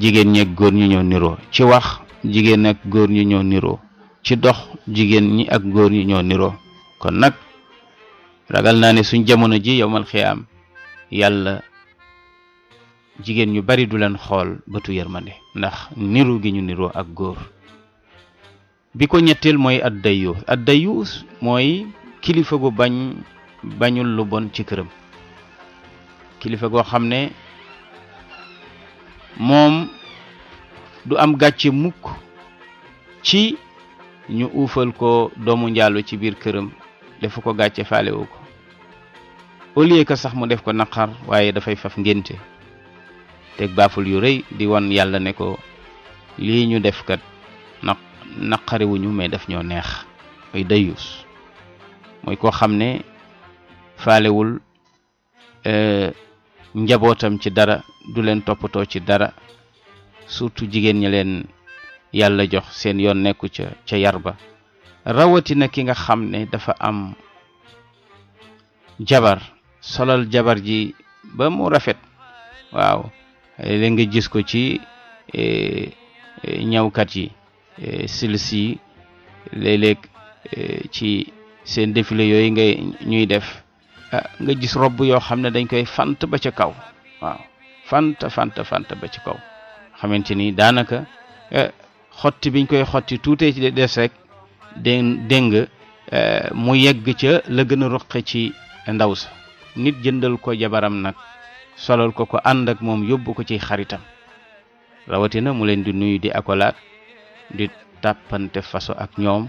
jigéen ñeeg góor ñu ñoo niroo ci wax jigéen ak góor ñi ñoo niroo ci dox jigéen ñi ak góor ñu ñoo niroo kon nag ragal naa ne suñ jamono ji yomal xiyaam yàlla jigéen ñu bari du leen xool bëtu yërmande ndax niru gi ñu niroo ak góor bi ko ñetteel mooy addayu addayu mooy kilifa gu bañ bañul lu bon ci këram kilifa goo xam ne moom du am gàcce mukk ci ñu uufal ko doomu njaalu ci biir këram defu ko gàcce faalewu ko au que sax mu def ko naqar waaye dafay faf ngénte teg baaful yu rëy di wan yàlla ne ko lii ñu def kat naq naqariwuñu mais daf ñoo neex ay dayus mooy koo xam ne faalewul euh, njabootam ci dara du leen toppatoo ci dara surtout jigéen ña leen yàlla jox seen yoon nekku ca ca yar ba rawatina ki nga xam ne dafa am jabar solal jabar ji ba mu rafet waaw léeg nga gis ko ci e, e, ñawkat yi e, silsi yi léeg ci seen défilé yooyu nga ñuy def ah, nga gis robb yoo xam ne dañ koy fant ba ca kaw waaw fant fant fant ba ci kaw xamante ni daanaka xotti biñ koy xotti tuutee ci des rek dén déng mu yegg ca la gën a ruqe ci ndaw sa nit jëndal ko jabaram nag solal ko ko ànd ak moom yóbbu ko ci xaritam rawatina mu leen di nuyu di akolaat di tàppante faso ak ñoom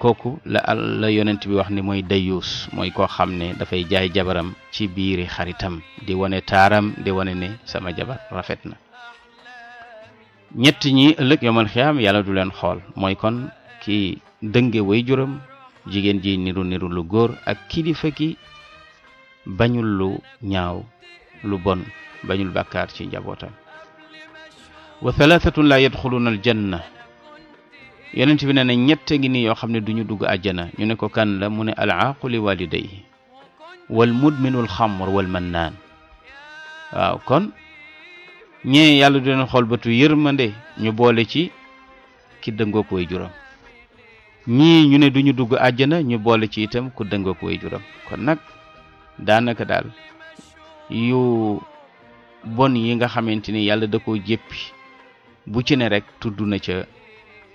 kooku la la yonent bi wax ni mooy dayuus mooy koo xam ne dafay jaay jabaram ci biiri xaritam di wane taaram di wone ne sama jabar rafet na ñett ñi ëllëg yomal xiyaam yàlla du leen xool mooy kon ki dënge way juram jigéen ji niru niru lu góor ak kilifa ki bañul lu ñaaw lu bon bañul bakkaar ci njabootam wa thalathatun la yadxuluuna aljanna yonent bi ne na ñett ngi nii yoo xam ne duñu dugg àjjana ñu ne ko kan la mu ne al aaqu li walidayhi wal mudminu al xamr wal mannaan waaw kon ñee yàlla du leen xool bëtu yërmande ñu boole ci ki dëngook way juram ñii ñu ne duñu dugg àjjana ñu boole ci itam ku dëngook way juram kon nag daanaka daal yu bon yi nga xamante ni yàlla da koo jéppi bu ci ne rek tudd na ca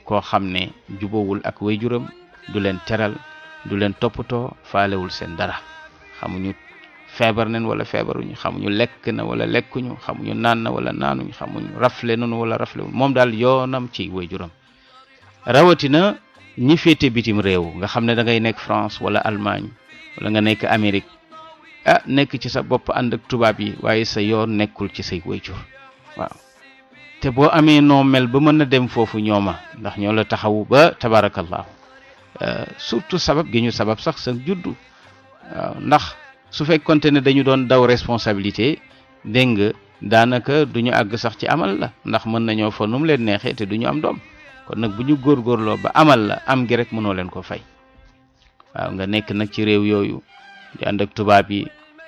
koo xam ne jubawul ak waajuram du leen teral du leen toppatoo faalewul seen dara xamuñu feebar nañ wala feebaruñu xamuñu lekk na wala lekkuñu xamuñu naan na wala naanuñu xamuñu rafle nanu wala raflewul moom daal yoonam ci waajuram rawatina ñi féete bitim réew nga xam ne da ngay nekk France wala Allemagne wala nga nekk Amérique ah nekk ci sa bopp ànd ak tubaab yi waaye sa yoon nekkul ci say wayjur waaw te boo amee noo mel ba mën a dem foofu ñooma ndax ñoo la taxawu ba tabarakallahu ah, surtout sabab gi ñu sabab sax sa juddu waaw ndax su fekkonte ne dañu doon daw responsabilité dégg nga daanaka du ñu àgg sax ci amal la ndax mën nañoo fa nu mu leen neexee te du ñu am doom kon nag bu ñu góor góorloo ba amal la am gi rek mënoo leen ko fay waaw nga nekk nag ci réew yooyu di ànd ak tubaab yi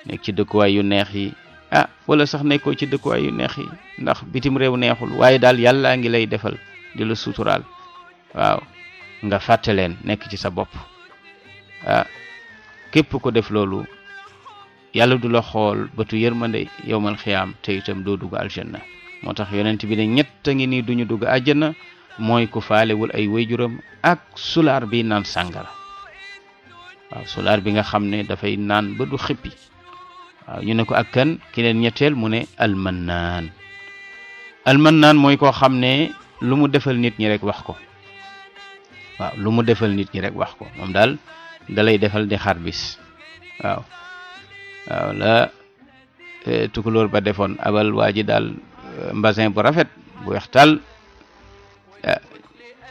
nekk ci dëkkuwaay yu neex yi a ah, wala sax nekkoo ci dëkkuwaay yu neex yi ndax bitim réew neexul waaye daal yàllaa ngi lay defal di la suturaal waaw nga fàtte leen nekk ci sa bopp ah, képp ko def loolu yàlla du la xool bëtu yërmande yowmal xiyaam te itam doo dugg aljanna moo tax yonent bi ne ñett a ngi nii duñu dugg àjjana mooy ku faalewul ay wéjuram ak sulaar bi naan sàngara solar bi nga xamne da fay nan ba du xepi ñu ne ko ak kan keneen ñettel mu ne mannan al mannan moy ko xamne lu mu defal nit ñi rek wax ko waaw lu mu defal nit ñi rek wax ko mom dal dalay defal di xar bis waaw waaw la tukulóor ba defon abal waji dal daal bu rafet bu weex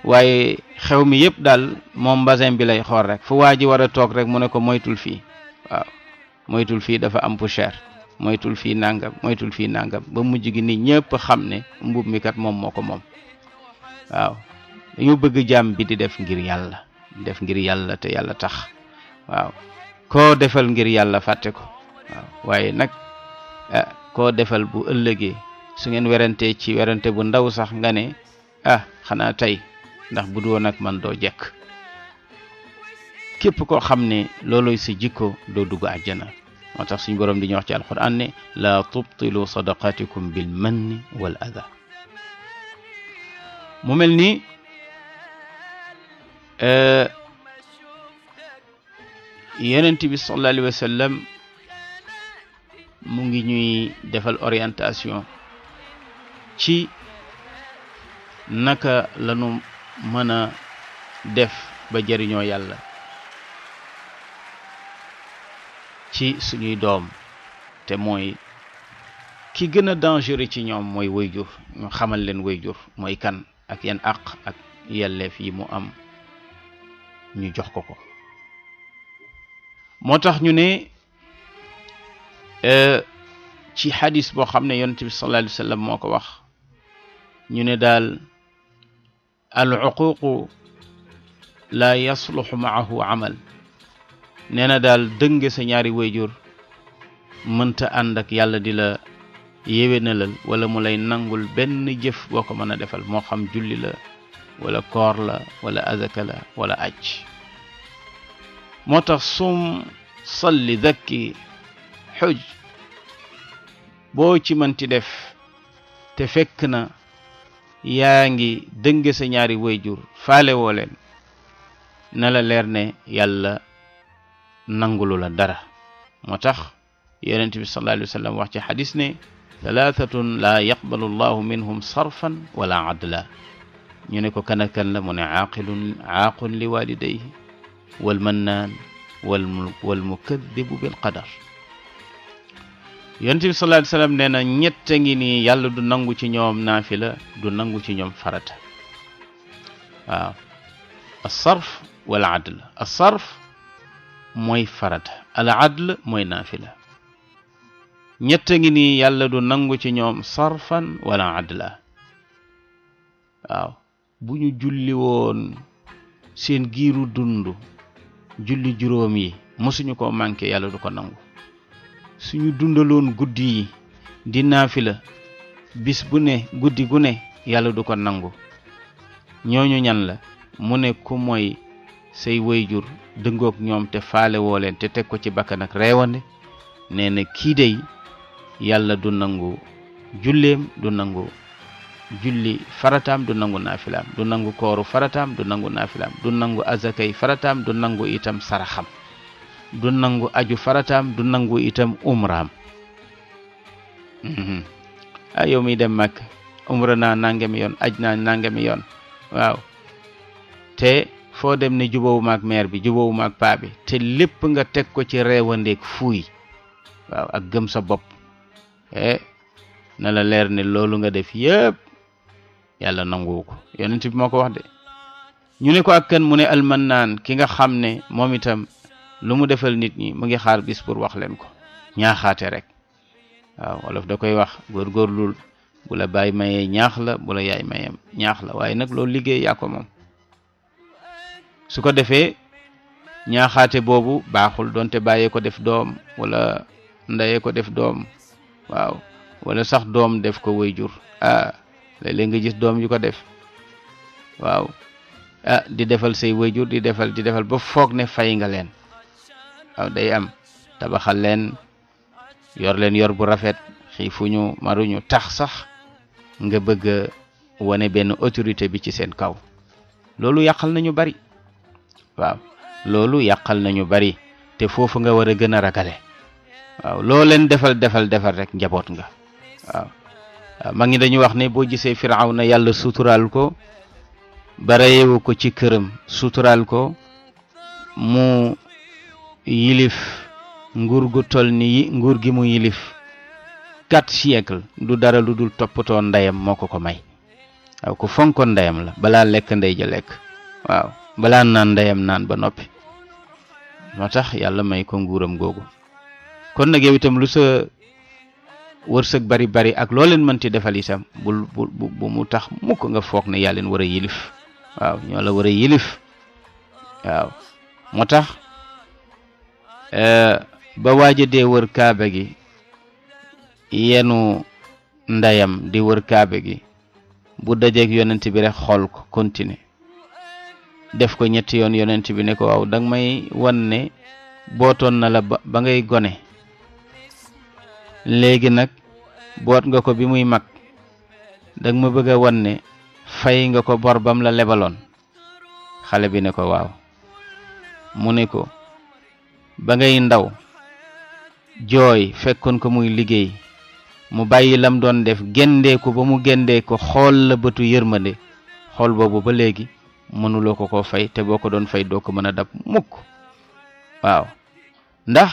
waaye xew mi yëpp daal moom basin bi lay xool rek fu waa ji war a toog rek mu ne ko moytul fii waaw moytul fii dafa am poussière moytul fii nangam moytul fii nangam ba mujj gi nit ñëpp xam ne mbubb mi kat moom moo ko moom waaw dañu bëgg jàmm bi di def ngir yàlla def ngir yàlla te yàlla tax waaw koo defal ngir yàlla fàtte ko waaw waaye nag ah koo defal bu ëllëgee su ngeen werantee ci werante bu ndaw sax nga ne ah xanaa tey ndax bu doo nag man doo jekk képp koo xam ne looloy sa jikko doo dugg àjjana moo tax suñu borom di ñu wax ci alquran ne laa tubtilu sadaqatikum bil manni wal ada mu mel ni eh, yonent bi sallallahu alayhi wa sallam mu ngi ñuy defal orientation ci naka lanu mën a def ba jariñoo yàlla ci suñuy doom te mooy ki gën a dangereux ci ñoom mooy wayjur ñu xamal leen wayjur mooy kan ak yan àq ak yelleef yi mu am ñu jox ko ko moo tax ñu ne euh, ci xadis boo xam ne yonent bi sallallahu alayhi moo ko wax ñu ne daal alcuququ laa yasluxu maahu amal nee na daal dënge sa ñaari wayjur mënta ànd ak yàlla di la yéwénalal wala mu lay nangul benn jëf boo ko mën a defal moo xam julli la wala koor la wala azaka la wala aj moo tax sum salli zakki xuj boo ci mënti def te fekk na yaa ngi dënge sa ñaari wayjur faale woo na la leer ne yàlla nangulu la dara moo tax yonent bi sallallahu alayhi wa sallam wax ci xadis ne thalathatun laa yaqbalu llahu minhum sarfan wala adla ñu ne ko kan ak kan la mu ne aaqilun aaqun li walidayhi wal mannaan wal yonent bi sallallahu alayhi wasallam nee na ñett ngi nii yàlla du nangu ci ñoom naafila du nangu ci ñoom farata waaw asarf mooy farata al adl mooy naafila ñett ngi nii yàlla du nangu ci ñoom sarfan wala adla waaw bu ñu julli woon seen giiru dund julli juróom yi mësuñu ko manqué yàlla du ko nangu suñu dundaloon guddi yi di naafila bis bu ne guddi gu ne yàlla du ko nangu ñooñu ñan la mu ne ku mooy say wayjur dëngoog ñoom te faale woo leen te teg ko ci bakkan ak reewande nee na kii dey yàlla du nangu julleem du nangu julli farataam du nangu naafilaam du nangu kooru farataam du nangu naafilaam du nangu azakay farataam du nangu itam saraxam du nangu aju farataam du nangu itam umraam mhm. ah dem mak umra naa nangami yoon aj naa nangami yoon waaw te foo dem ne jubawuma ak meer bi jubawuma ak paa bi te lépp nga teg ko ci reewandeeg fuuy waaw ak gëm sa bopp eh na la leer ne loolu nga def yëpp yàlla nanguwu ko yonent bi moo wax de ñu ko ak kan mu ne ki nga xam ne moom lu mu defal nit ñi mu ngi xaar bis pour wax leen ko ñaaxaate rek waaw wolof da koy wax góorgóorlul bu la baay mayee ñaax la bu la yaay mayee ñaax la waaye nag loolu liggéey yaa ko moom su ko defee ñaaxaate boobu baaxul donte bàyyee ko def doom wala ndayee ko def doom waaw wala sax doom def ko waajur ah léeg nga gis doom yu ko def waaw ah di defal say waajur di defal di defal ba foog ne fay nga leen aw day am tabaxal leen yor leen yor bu rafet ñu xiifuñu ñu tax sax nga bëgg a wane benn autorité bi ci seen kaw loolu yàqal ñu bari waaw loolu na ñu bari te foofu nga war a gën a ragale waaw loo leen defal defal defal rek njaboot nga waaw ma ngi dañu wax ne boo gisee Firawna yàlla suturaal ko bareyewu ko ci këram suturaal ko mu yilif ngur gu tol ni ngur gi mu yilif kat siècle du dara lu topoto ndayam moko ko may aw ko fonko ndayam la bala lekk ndey je lek waw bala nan ndayam nan ba nopi motax yalla may ko nguram gogo kon nak yow itam lu sa wërsëg bari bari ak loo leen ti defal itam bu bu bu mu tax mukk nga foog ne yalla leen wara yilif waw ñoo la yilif waw motax ba waaja dee wër kaaba gi yenu ndeyam di wër kaaba gi bu dajeek yonent bi rek xool ko continuer def ko ñetti yoon yonent bi ne ko waaw danga may wan ne bootoon na la ba ngay gone léegi nag boot nga ko bi muy mag danga ma bëgg won ne fay nga ko bor bam la lebaloon xale bi ne ko waaw mu ne ko ba ngay ndaw jooy fekkoon ko muy liggéey mu bàyyi lam doon def gendee ba mu gendee ko xool la bëtu yërmande xool boobu ba léegi mënuloo ko ko fay te boo ko doon fay doo ko mën a dab mukk waaw ndax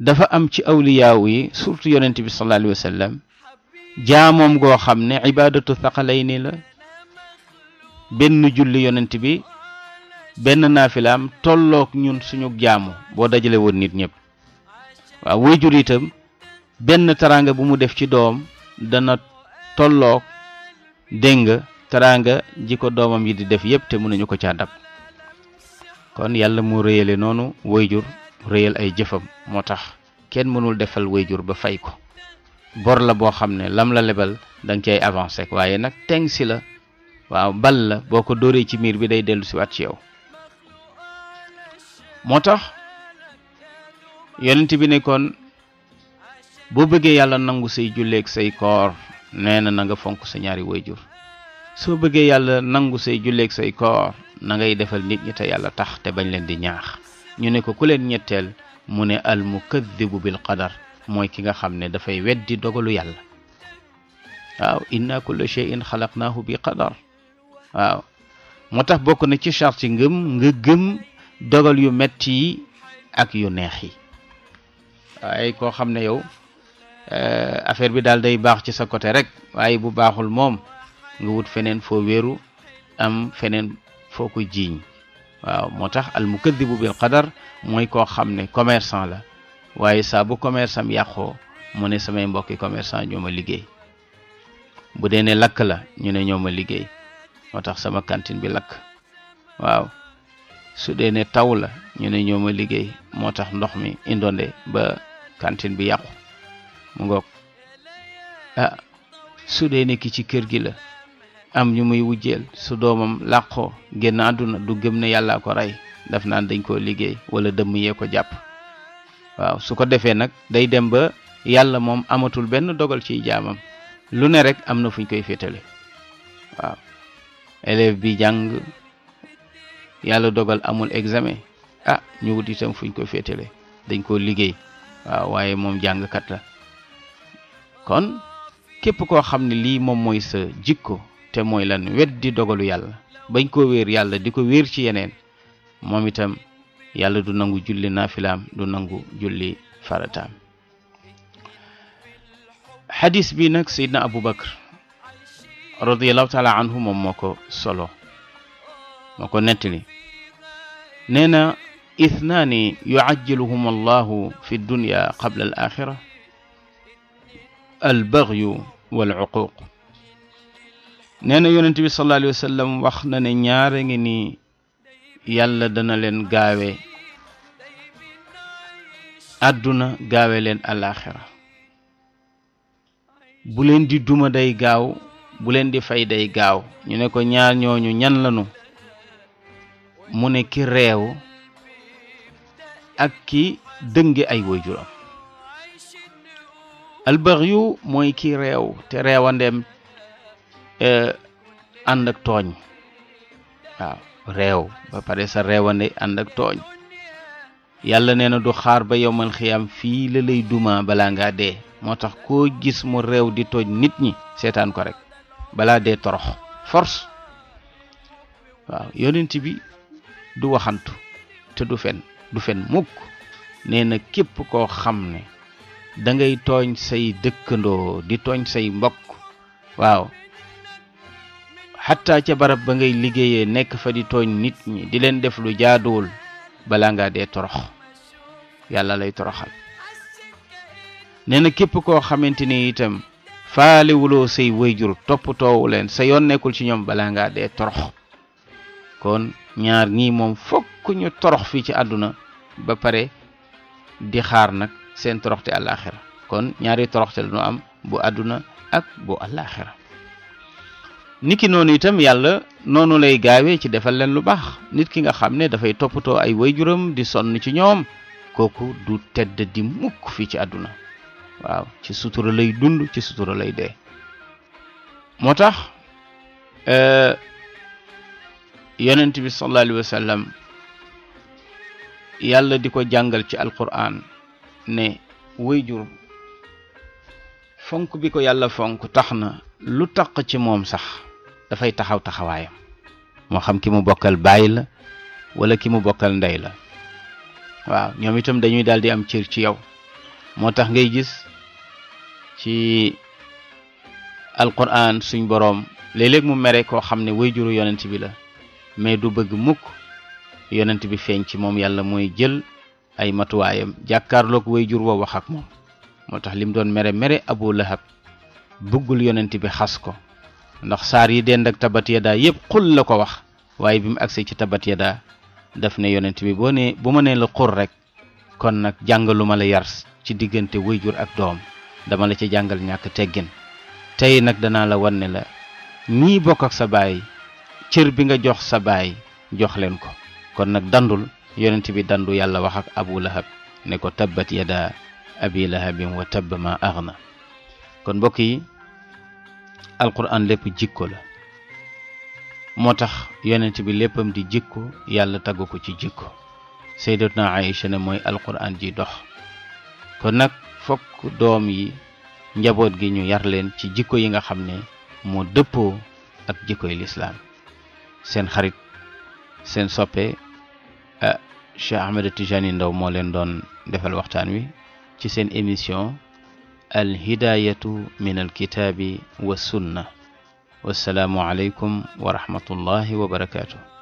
dafa am ci awliyaaw yi surtout yonent bi sallallahu alayhi wa jaamoom goo xam ne ibaadatu nii la benn julli yonent bi benn naafilaam tolloog ñun suñu jaamu boo dajalee woon nit ñëpp waa waajur itam benn taraanga bu mu def ci doom dana tolloog dégg nga taraanga ji ko doomam yi di def yëpp te mun mënuñu ko caa dab kon yàlla mu réyale noonu waajur réyal ay jëfam moo tax kenn mënul defal waajur ba fay ko bor la boo xam ne lam la lebal dang nga cay avancé waaye nag teng si la waaw bal la boo ko dóoree ci miir bi day dellu si ci yow moo tax yonent bi ne kon boo bëggee yàlla nangu say julleeg say koor nee na na nga fonk sa ñaari wayjur soo bëggee yàlla nangu say julleeg say koor na ngay defal nit ñi te yàlla tax te bañ leen di ñaax ñu ne ko ku leen ñetteel mu ne al mukaddibu bil qadar mooy ki nga xam ne dafay weddi dogalu yàlla waaw inna kulla shay'in xalaqnaahu bi qadar waaw moo tax bokk na ci charte ngëm nga gëm dogal yu metti yi ak yu neex yi waaye koo xam ne yow eh, affaire bi daal day baax ci sa côté rek waaye bu baaxul moom nga wut feneen foo weeru am feneen foo jiiñ waaw moo tax al mukadibu bil qadar mooy koo xam ne commerçant la waaye saa bu commerce yàqoo mu ne samay mbokki commerçant ñoo ma liggéey bu dee ne lakk la ñu ne ñoo ma liggéey moo tax sama cantine bi lakk waaw su dee ne taw la ñu ne ñoo ma liggéey moo tax ndox mi indonde ba cantine bi yàqu mu ngoog ah su dee ne ki ci kër gi la am ñu muy wujjeel su doomam làqoo génn àdduna du gëm ne yàlla ko rey def naan dañ koo liggéey wala dëmm yee ko jàpp waaw su ko defee nag day dem ba yàlla moom amatul benn dogal ciy jaamam lu ne rek am na fuñ koy féetale waaw élève bi jàng yàlla dogal amul examen ah ñu wut itam fuñ ko féetale dañ koo liggéey waaw waaye moom jàngkat la kon képp koo xam ne lii moom mooy sa ko te mooy lan weddi dogalu yàlla bañ koo wéer yàlla di ko wéer ci yeneen moom itam yàlla du nangu julli naafilaam du nangu julli farataam xadis bi nag sayidna abubakar radiallahu taala anhu moom moo ko solo moo ko nettali nee na ithnaani yucajjiluhum allahu fi dunya qabla al axira al bagyu wal uquq nee na yonent bi sallallahu wax na ne ñaare ngi nii yàlla dana leen gaawe àdduna gaawe leen alaxira bu leen di duma day gaaw bu leen di fay day gaaw ñu ne ko ñaar ñooñu ñan lanu mu ne ki reew ak ki dënge ay waajuram yu mooy ki reew te reewandeem eh, ànd ak tooñ waaw reew ba pare sa reewande ànd ak tooñ yàlla nee na du xaar ba yowmal xiyaam fii la lay duma balaa ngaa dee moo tax koo gis mu réew di tooñ nit ñi seetaan ko rek balaa dee torox force waaw yonent bi du waxantu te du fen du fen mukk nee na képp koo xam ne da ngay tooñ say dëkkandoo di tooñ say mbokk waaw xataa ca barab ba ngay liggéeyee nekk fa di tooñ nit ñi di leen def lu jaaduwul bala ngaa dee torox yàlla lay toroxal nee na képp koo xamante ni itam faale wuloo say wayjur toppatoowu leen sa yoon nekkul ci ñoom balaa ngaa dee torox kon ñaar nii moom fokk torox fii ci àdduna ba pare di xaar nag seen toroxte àllaaxira kon ñaari toroxte la ñu am bu àdduna ak bu àllaaxira ki noonu itam yàlla noonu lay gaawee ci defal leen lu baax nit ki nga xam ne dafay toppatoo ay wayjuram di sonn ci ñoom kooku du tedd di mukk fii ci àdduna waaw ci sutura lay dund ci sutura lay dee moo tax euh, yonent bi sallallahu alayhi yàlla di ko jàngal ci alquran ne wayjur fonk bi ko yàlla fonk tax na lu taq ci moom sax dafay taxaw taxawaayam moo xam ki mu bokkal bàyyi la wala ki mu bokkal ndey la waaw ñoom itam dañuy daal di am cër ci yow moo tax ngay gis ci alquran suñ boroom léeg-léeg mu mere koo xam ne wayjuru yonent bi la mais du bëgg mukk yonent bi feeñ ci moom yàlla mooy jël ay matuwaayam jàkkaarloog way jur wa wax ak moom moo tax lim doon mere mere abu lahab bëggul yonent bi xas ko ndax saar yi dend ak tabat yadaa yëpp xul la ko wax waaye bi mu agsee ci tabat yadaa daf ne yonent bi boo ne bu ma nee la xur rek kon nag jàngaluma la yar ci diggante way jur ak doom dama la ci jàngal ñàkk teggin tey nag danaa la wan ne la ñii bokk ak sa baay cër bi nga jox sa baay jox leen ko kon nag dandul yonent bi dandu yàlla wax ak abu lahab ne ko tabbat yada abi lahabin wa tabb ma aghna kon mbokk yi alquran lépp jikko la moo tax yonent bi léppam di jikko yàlla taggu ko ci jikko sayyidatuna Aïcha ne mooy alquran jiy dox kon nag fokk doom yi njaboot gi ñu yar leen ci jikko yi nga xam ne moo dëppoo ak jikkoy lislaam seen xarit seen soppe Cheikh Ahmed Tijani ndaw mo len don defal waxtan wi ci seen émission al hidayatu min al kitaabi wa sunnah wassalaamu aleykum wa rahmatullahi wa barakaatu